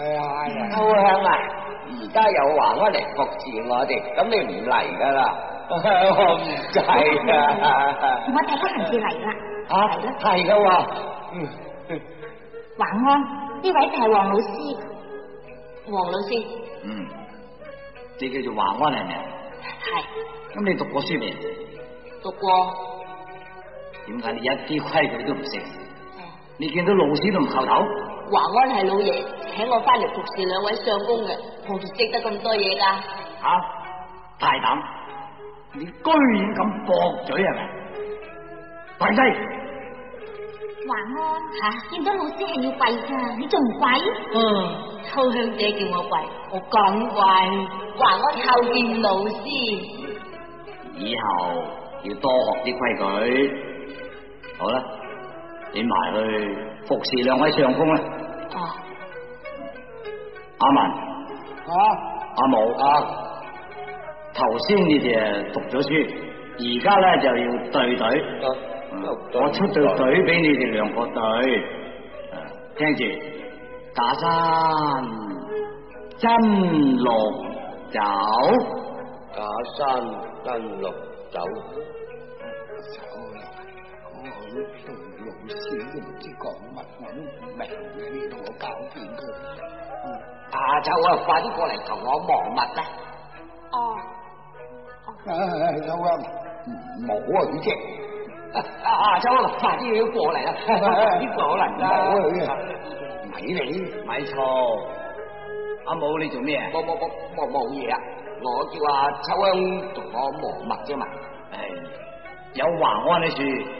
秋、哎哎、香啊！而家有華安嚟服侍我哋，咁你唔嚟噶啦？我唔制啊！我、啊、第一陣時嚟啦，係、啊、啦，係噶。嗯。華安，呢位就係黃老師，黃老師。嗯。你叫做華安係咪？係。咁你讀過書未？讀過。點解你一啲規矩都唔識？你見到老師都唔叩頭？華安係老爺請我返嚟服侍兩位相公嘅，我哋識得咁多嘢㗎。吓？大膽！你居然敢駁嘴呀？跪低！華安，吓？見到老師係要跪㗎，你仲唔跪？嗯，秋香姐叫我跪，我敢跪。華安叩見老師。以後要多學啲規矩。好啦，你埋去服侍兩位相公啦。啊、阿文，啊、阿毛啊，頭先你哋讀咗書，而家咧就要對對、啊，我出對對俾你哋兩個對，聽住假山真龍走，假山真龍走。你都唔知講乜，我都唔明，你同我搞掂佢。阿、嗯、秋啊，秋快啲過嚟同我磨墨啦。哦。阿秋啊，冇啊，你啫。阿、嗯、秋、啊，快啲過嚟啦，呢個可能。冇啊，你啊，咪你咪錯。阿母你做咩啊？啊啊啊我我我我冇嘢啊。我叫阿秋香同我磨墨啫嘛。唉、嗯，有華安呢處。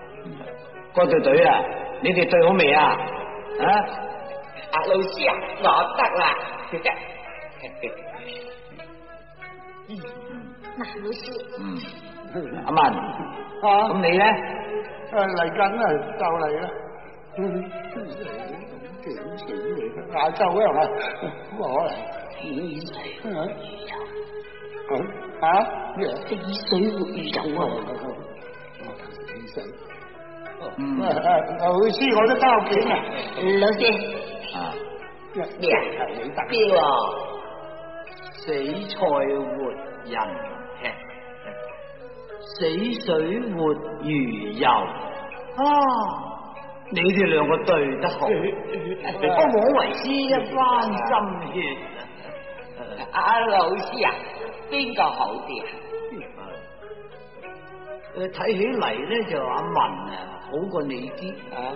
各隊隊啊，你哋對好未啊？啊，老師，我得啦。嗯，那老師。嗯，阿文，吓，咁你咧？誒嚟緊就嚟啦。亞洲啊，唔可能以水活魚啊啊，原來是水活魚油啊！啊嗯啊、老師我都交卷啊，老師啊，一啊你得標啊，死菜活人吃，死水活魚游啊，你哋兩個對得好，不枉為師一番心血啊，老師啊，邊個好啲啊？誒，睇起嚟咧就阿文啊。好過你啲啊！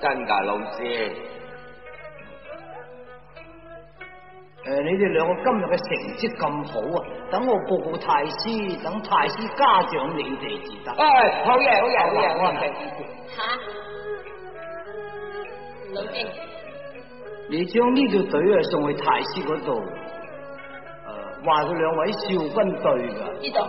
真、啊、噶，老師，誒、啊，你哋兩個今日嘅成績咁好啊，等我報告太師，等太師嘉獎你哋至得。哎、啊啊，好嘢，好嘢，好嘢。我唔客氣吓，老、啊、師、啊，你將呢隊隊送去太師嗰度，誒、啊，話佢兩位少軍隊噶。知道。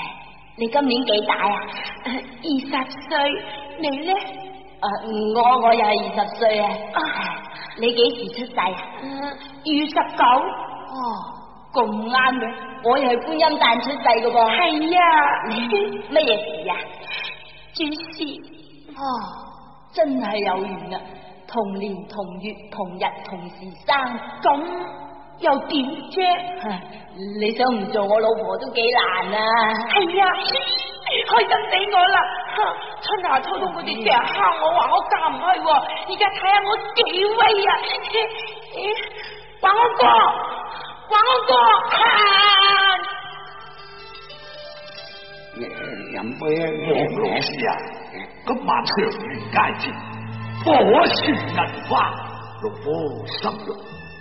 你今年幾大啊？二十歲。你咧？誒、啊，我我又係二十歲啊，啊。你幾時出世啊？二月、啊、十九。哦，咁啱嘅，我又係觀音誕出世嘅噃。係啊。乜嘢事啊？尊師。哦，真係有緣啊！同年同月同日同時生咁。又點啫、啊？你想唔做我老婆都幾難啊！係啊，開心死我啦、啊！春夏秋冬佢哋成日蝦我話我，我嫁唔去，而家睇下我幾威啊！誒、啊，華安哥，華安哥。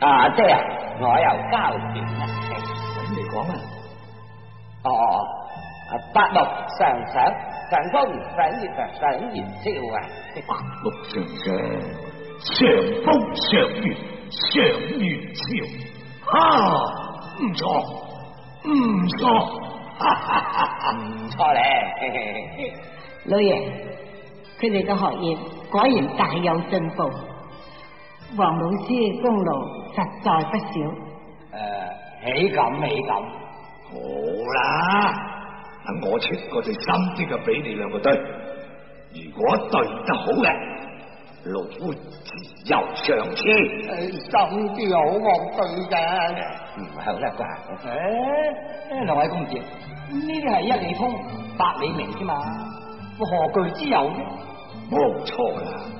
阿、啊、爹、啊，我又交卷啦，咁你講啊，哦哦哦，阿八六上上上風上月上月朝啊，八六上上上風上月上月朝。哈、啊、唔錯，唔錯，唔哈哈錯咧。老爺，佢哋嘅學業果然大有進步。黃老師功勞實在不少。誒、啊，喜咁美咁，好啦，等我出個最深啲嘅俾你兩個對，如果對得好嘅，老夫自有上次。咁啲好惡對噶。唔、嗯、係好叻啩？誒、啊，兩位公子，呢啲係一理通百理明啫嘛，我何懼之有啫？冇錯啦。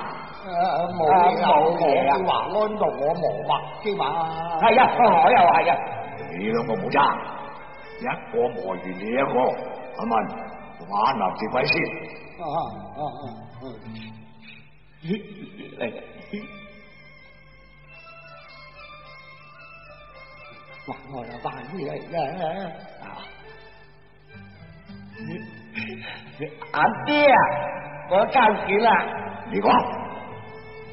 冇嘢，冇嘢啊！華安道，我磨墨嘅嘛，係啊，我又係嘅。你兩個唔爭，一個磨完你一個，阿文玩南字鬼先。啊啊啊！嚟，玩愛就玩起嚟啦！阿爹，我交卷啦，你講。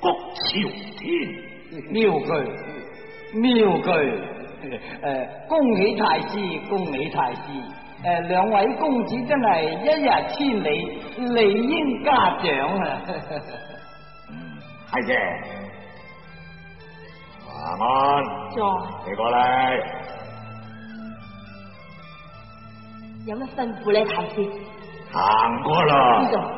谷朝天，妙句，妙句。誒、呃，恭喜太師，恭喜太師。誒、呃，兩位公子真係一日千里，理應嘉獎啊。係 嘅，華安，坐，你過嚟，有乜吩咐咧，太師？行過啦。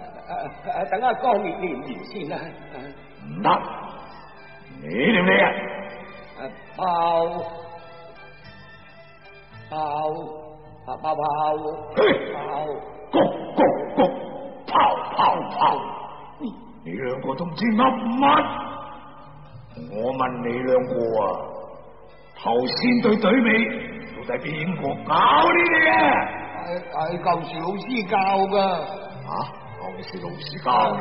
Uh, uh, uh, 等阿哥念念完先啦，唔得，你點你啊？爆爆爆爆爆，爆谷谷谷，炮炮炮，你兩個都唔知乜乜？我問你兩個啊，頭先對懟你到底邊個？搞呢啲嘢，係舊時老師教噶。啊是老師教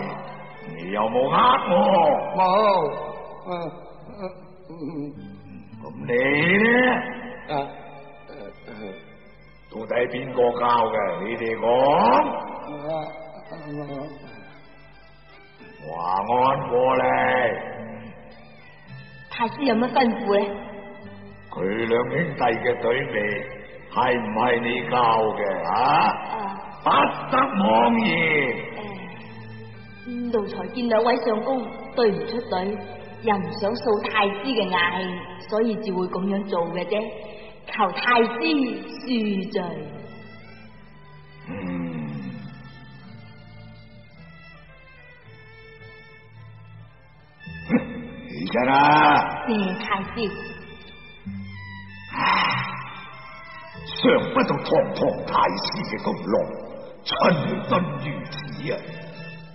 你，有冇呃我？冇、啊。咁、啊啊嗯嗯、你呢？啊啊啊、到底邊個教嘅？你哋講。華、啊啊啊啊、安過嚟，太師有乜吩咐咧？佢兩兄弟嘅嘴味係唔係你教嘅啊，啊？不得妄言。奴才見兩位相公對唔出隊，又唔想掃太師嘅雅興，所以只會咁樣做嘅啫。求太師恕罪。嗯。而家啦。謝、啊、太師。唉、啊，想不到堂堂太師嘅功勞，盡真如此啊！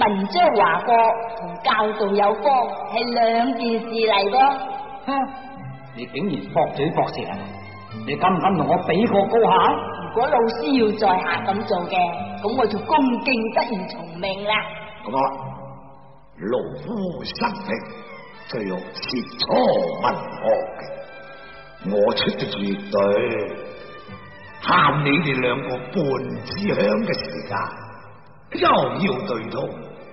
文章華國，教導有方，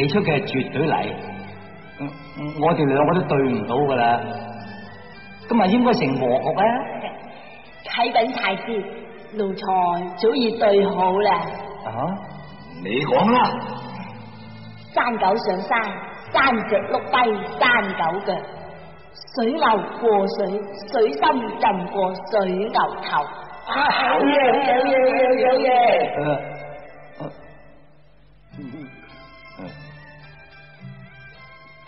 你出嘅係絕對嚟，我哋兩個都對唔到噶啦，咁啊應該成和局呀？啟稟太師，奴才早已對好啦。啊，你講啦。山狗上山，山着碌低山狗腳，水流過水，水深浸過水牛頭。有、啊、嘢，有嘢，有嘢。有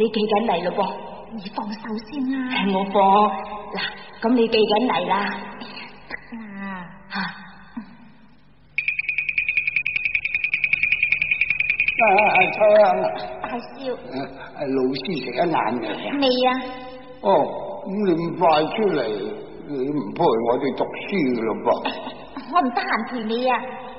你記緊嚟咯噃，你放手先啦。係我放，嗱，咁你記緊嚟啦。得啦。吓，阿昌，阿笑，係老師食得晏嘅。未啊？哦，咁你咁快出嚟，你唔陪我哋讀書㗎咯噃？我唔得閒陪你啊。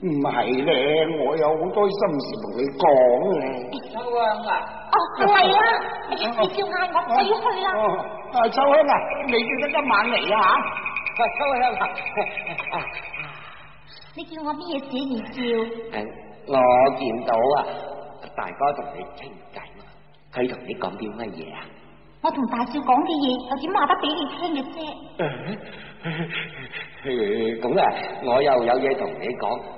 唔係咧，我有好多心事同你講你、啊，秋香啊，哦，唔、就、係、是、啊，你一叫嗌我我要去啦、哦。秋香啊，你叫得今晚嚟啊吓？秋香、啊、 你叫我咩嘢寫完照？我見到啊，大哥同你傾偈，佢同你講啲乜嘢啊？我同大少講嘅嘢，又點話得俾你聽嘅啫？咁、嗯、啊、嗯嗯嗯嗯，我又有嘢同你講。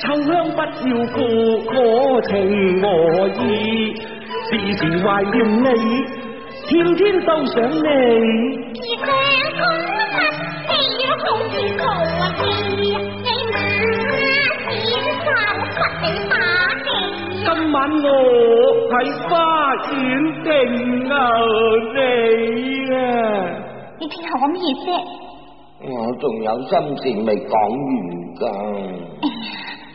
秋香不要負我情我意，時時懷念你，天天都想你。今晚我喺花苑定牛、啊、你我看定啊你！你之後講乜嘢啫？我仲有心情未講完噶。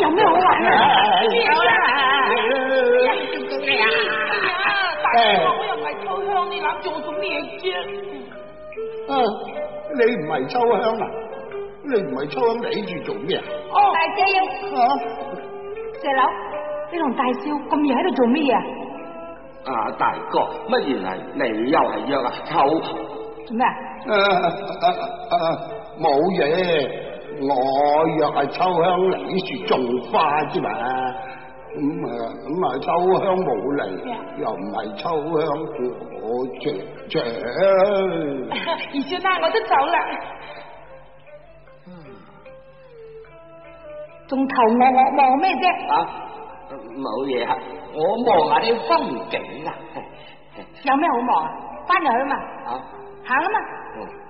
有咩好玩啊？哎呀！哎呀！哎呀！哎呀！大少我又唔係秋香，你攬住我做咩啫？啊，你唔係秋香啊？你唔係秋香，你喺住做咩啊？大姐，啊，石柳，你同大少咁夜喺度做咩啊？啊，大哥，乜原嚟你又係約啊？秋，做咩啊？啊啊啊啊！冇嘢。我若係秋香嚟，呢樹種花之嘛，咁、嗯、咁、嗯嗯嗯、秋香冇嚟、嗯，又唔係秋香，我長長。二少奶，我都走啦，仲、嗯、頭望我望咩啫？啊，冇嘢啊，我望下啲風景啊。有咩好望？翻入去嘛？啊，行吖嘛。嗯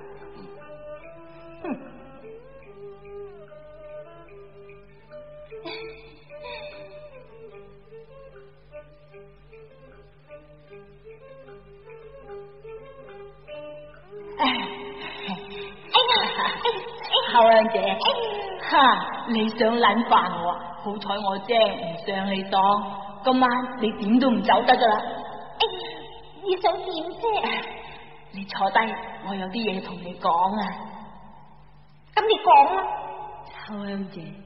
哎，哎呀，後生姐，哈，你想撚化我啊？好彩我姐唔上你當，今晚你點都唔走得噶啦！你想點啫？你坐低，我有啲嘢同你講啊。咁你講啦，啊，後生姐。